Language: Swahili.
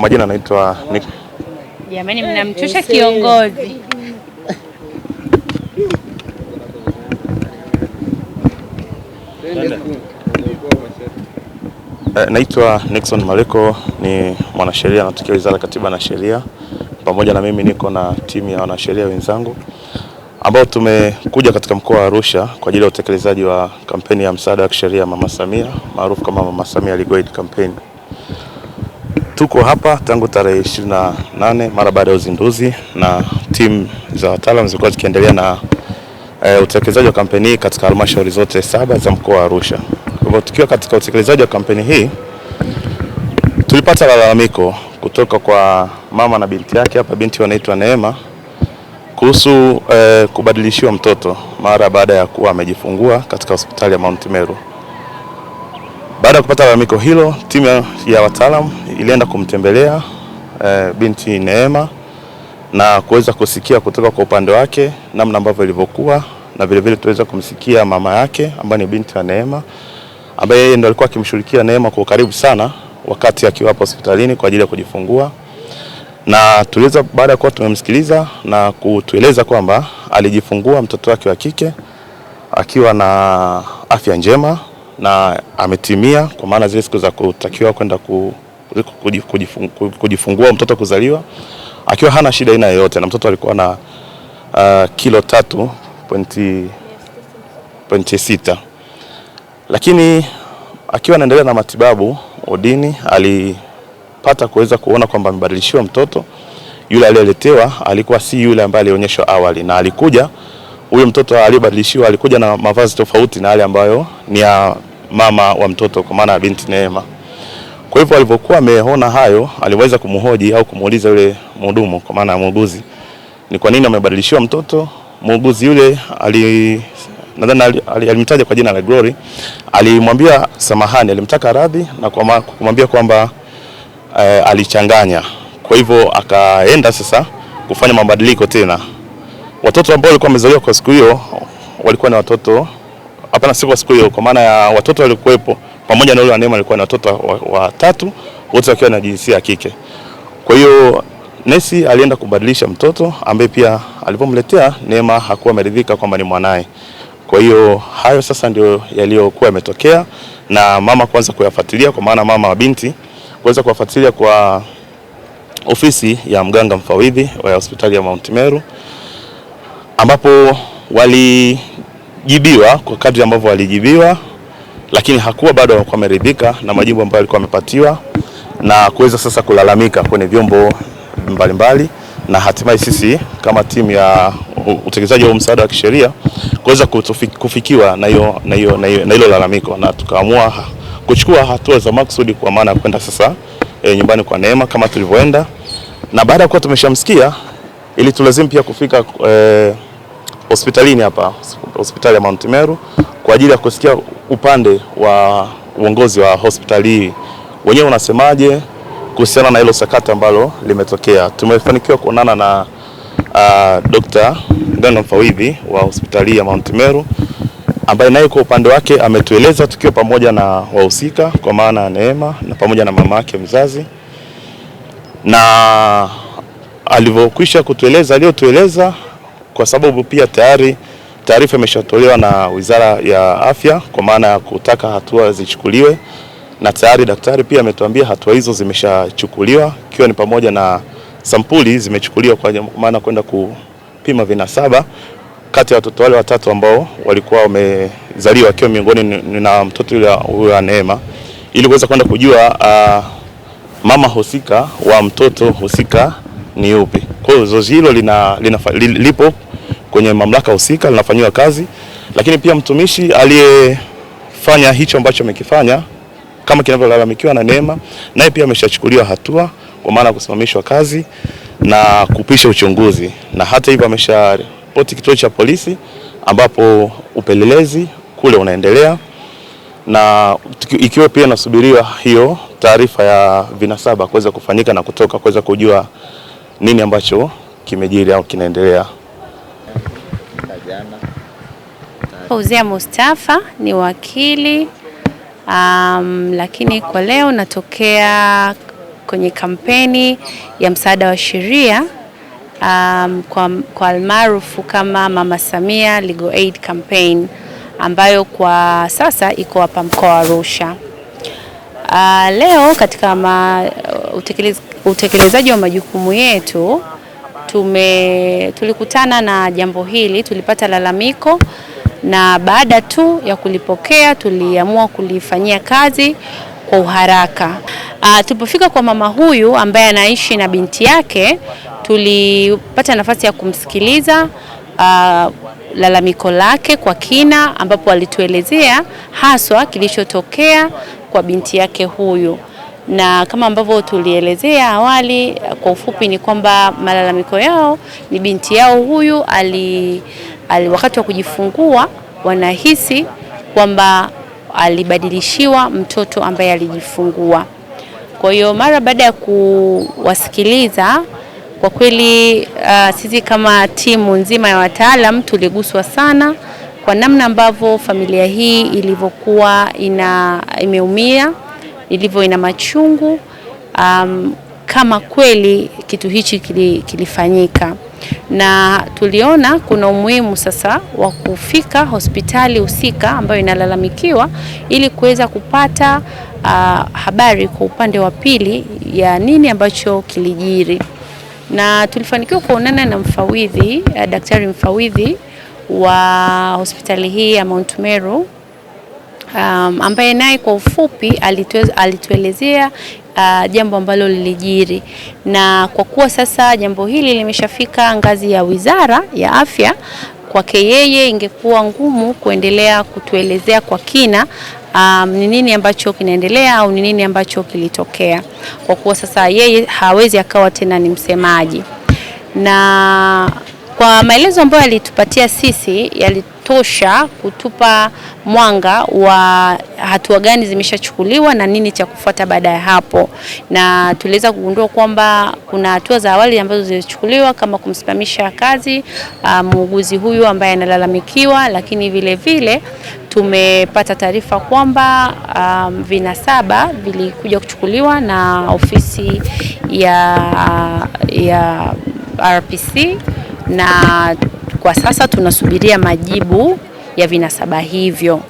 Kwa majina naitwa Nick. Jamani, mnamchosha kiongozi. Eh, naitwa Nixon Maleko, ni mwanasheria anatokea Wizara ya Katiba na Sheria. Pamoja na mimi niko na timu ya wanasheria wenzangu ambao tumekuja katika mkoa wa Arusha kwa ajili ya utekelezaji wa kampeni ya msaada wa kisheria Mama Samia maarufu kama Mama Samia Legal Aid Campaign. Tuko hapa tangu tarehe nane mara baada ya uzinduzi, na timu za wataalamu zilikuwa zikiendelea na e, utekelezaji wa kampeni hii katika halmashauri zote saba za mkoa wa Arusha. Kwa hivyo tukiwa katika utekelezaji wa kampeni hii, tulipata lalamiko kutoka kwa mama na binti yake hapa, binti wanaitwa Neema, kuhusu e, kubadilishiwa mtoto mara baada ya kuwa amejifungua katika hospitali ya Mount Meru. Baada ya kupata lalamiko hilo, timu ya wataalamu ilienda kumtembelea e, binti Neema na kuweza kusikia kutoka kwa upande wake namna ambavyo ilivyokuwa na vilevile tuweza kumsikia mama yake ambaye ni binti ya Neema ambaye yeye ndo alikuwa akimshughulikia Neema kwa ukaribu sana wakati akiwa hospitalini kwa ajili ya kujifungua, na tuliweza baada ya kuwa tumemsikiliza na kutueleza kwamba alijifungua mtoto wake wa kike akiwa na afya njema na ametimia, kwa maana zile siku za kutakiwa kwenda kujifungua mtoto kuzaliwa, akiwa hana shida aina yoyote, na mtoto alikuwa na uh, kilo tatu pointi sita, lakini akiwa anaendelea na matibabu odini alipata kuweza kuona kwamba amebadilishiwa mtoto. Yule aliyeletewa alikuwa si yule ambaye alionyeshwa awali, na alikuja huyo mtoto aliyebadilishiwa alikuja na mavazi tofauti na yale ambayo ni ya mama wa mtoto kwa maana ya binti Neema. Kwa hivyo alipokuwa ameona hayo, aliweza kumhoji au kumuuliza yule mhudumu kwa maana ya muuguzi ni kwa nini amebadilishiwa mtoto. Muuguzi yule ali nadhani alimtaja ali, kwa jina la Glory, alimwambia samahani, alimtaka radhi na kumwambia kwamba eh, alichanganya. Kwa hivyo akaenda sasa kufanya mabadiliko tena. Watoto ambao walikuwa wamezaliwa kwa siku hiyo walikuwa ni watoto hapana, siku siku hiyo, kwa maana ya watoto waliokuwepo pamoja na yule anema, alikuwa na watoto watatu wote wakiwa na jinsia ya kike. Kwa hiyo nesi alienda kubadilisha mtoto ambaye pia alipomletea Neema hakuwa ameridhika kwamba ni mwanaye. Kwa hiyo hayo sasa ndio yaliyokuwa yametokea, na mama kwanza kuyafuatilia, kwa maana mama wa binti kuweza kuwafuatilia kwa ofisi ya mganga mfawidhi wa hospitali ya Mount Meru ambapo wali jibiwa kwa kadri ambavyo walijibiwa, lakini hakuwa bado hawakuwa wameridhika na majibu ambayo alikuwa amepatiwa na kuweza sasa kulalamika kwenye vyombo mbalimbali mbali, na hatimaye sisi kama timu ya utekelezaji wa msaada wa kisheria kuweza kufikiwa na hiyo na hiyo na hilo lalamiko, na tukaamua kuchukua hatua za maksudi kwa maana ya kwenda sasa e, nyumbani kwa Neema kama tulivyoenda, na baada ya kuwa tumeshamsikia ili tulazim pia kufika e, hospitalini hapa hospitali ya Mount Meru kwa ajili ya kusikia upande wa uongozi wa hospitali hii wenyewe unasemaje kuhusiana na hilo sakata ambalo limetokea. Tumefanikiwa kuonana na uh, ah, Dr. Nganga Mfawidhi wa hospitali ya Mount Meru ambaye naye kwa upande wake ametueleza tukiwa pamoja na wahusika kwa maana ya Neema na pamoja na mama yake mzazi, na alivyokwisha kutueleza aliyotueleza kwa sababu pia tayari taarifa imeshatolewa na Wizara ya Afya kwa maana ya kutaka hatua zichukuliwe, na tayari daktari pia ametuambia hatua hizo zimeshachukuliwa, ikiwa ni pamoja na sampuli zimechukuliwa kwa maana kwenda kupima vinasaba kati ya watoto wale watatu ambao walikuwa wamezaliwa wakiwa miongoni na mtoto yule huyo wa Neema, ili kuweza kwenda kujua uh, mama husika wa mtoto husika ni yupi. Kwa hiyo zoezi hilo lina, lina, lipo kwenye mamlaka husika linafanyiwa kazi, lakini pia mtumishi aliyefanya hicho ambacho amekifanya kama kinavyolalamikiwa na Neema, naye pia ameshachukuliwa hatua kwa maana ya kusimamishwa kazi na kupisha uchunguzi, na hata hivyo amesharipoti kituo cha polisi ambapo upelelezi kule unaendelea na ikiwa pia inasubiriwa hiyo taarifa ya vinasaba kuweza kufanyika na kutoka kuweza kujua nini ambacho kimejiri au kinaendelea jana. Fauzia Mustafa ni wakili um, lakini kwa leo natokea kwenye kampeni ya msaada wa sheria um, kwa, kwa almaarufu kama Mama Samia Legal Aid Campaign ambayo kwa sasa iko hapa mkoa wa Arusha. Uh, leo katika utekelezaji wa majukumu yetu tume, tulikutana na jambo hili, tulipata lalamiko na baada tu ya kulipokea tuliamua kulifanyia kazi kwa uharaka. Ah, tulipofika kwa mama huyu ambaye anaishi na binti yake, tulipata nafasi ya kumsikiliza a, ah, lalamiko lake kwa kina, ambapo alituelezea haswa kilichotokea kwa binti yake huyu na kama ambavyo tulielezea awali, kwa ufupi ni kwamba malalamiko yao ni binti yao huyu ali, ali wakati wa kujifungua wanahisi kwamba alibadilishiwa mtoto ambaye alijifungua. Kwa hiyo mara baada ya kuwasikiliza kwa kweli, uh, sisi kama timu nzima ya wataalam tuliguswa sana kwa namna ambavyo familia hii ilivyokuwa ina imeumia ilivyo ina machungu um, kama kweli kitu hichi kilifanyika na tuliona kuna umuhimu sasa wa kufika hospitali husika ambayo inalalamikiwa ili kuweza kupata uh, habari kwa upande wa pili ya nini ambacho kilijiri, na tulifanikiwa kuonana na mfawidhi uh, daktari mfawidhi wa hospitali hii ya Mount Meru um, ambaye naye kwa ufupi alituelezea uh, jambo ambalo lilijiri, na kwa kuwa sasa jambo hili limeshafika ngazi ya Wizara ya Afya, kwake yeye ingekuwa ngumu kuendelea kutuelezea kwa kina Um, ni nini ambacho kinaendelea au ni nini ambacho kilitokea, kwa kuwa sasa yeye hawezi akawa tena ni msemaji na kwa maelezo ambayo yalitupatia sisi yalitosha kutupa mwanga wa hatua gani zimeshachukuliwa na nini cha kufuata baada ya hapo, na tuliweza kugundua kwamba kuna hatua za awali ambazo zilichukuliwa kama kumsimamisha kazi ah, muuguzi huyu ambaye analalamikiwa, lakini vile vile tumepata taarifa kwamba um, ah, vinasaba vilikuja kuchukuliwa na ofisi ya, ya RPC na kwa sasa tunasubiria majibu ya vinasaba hivyo.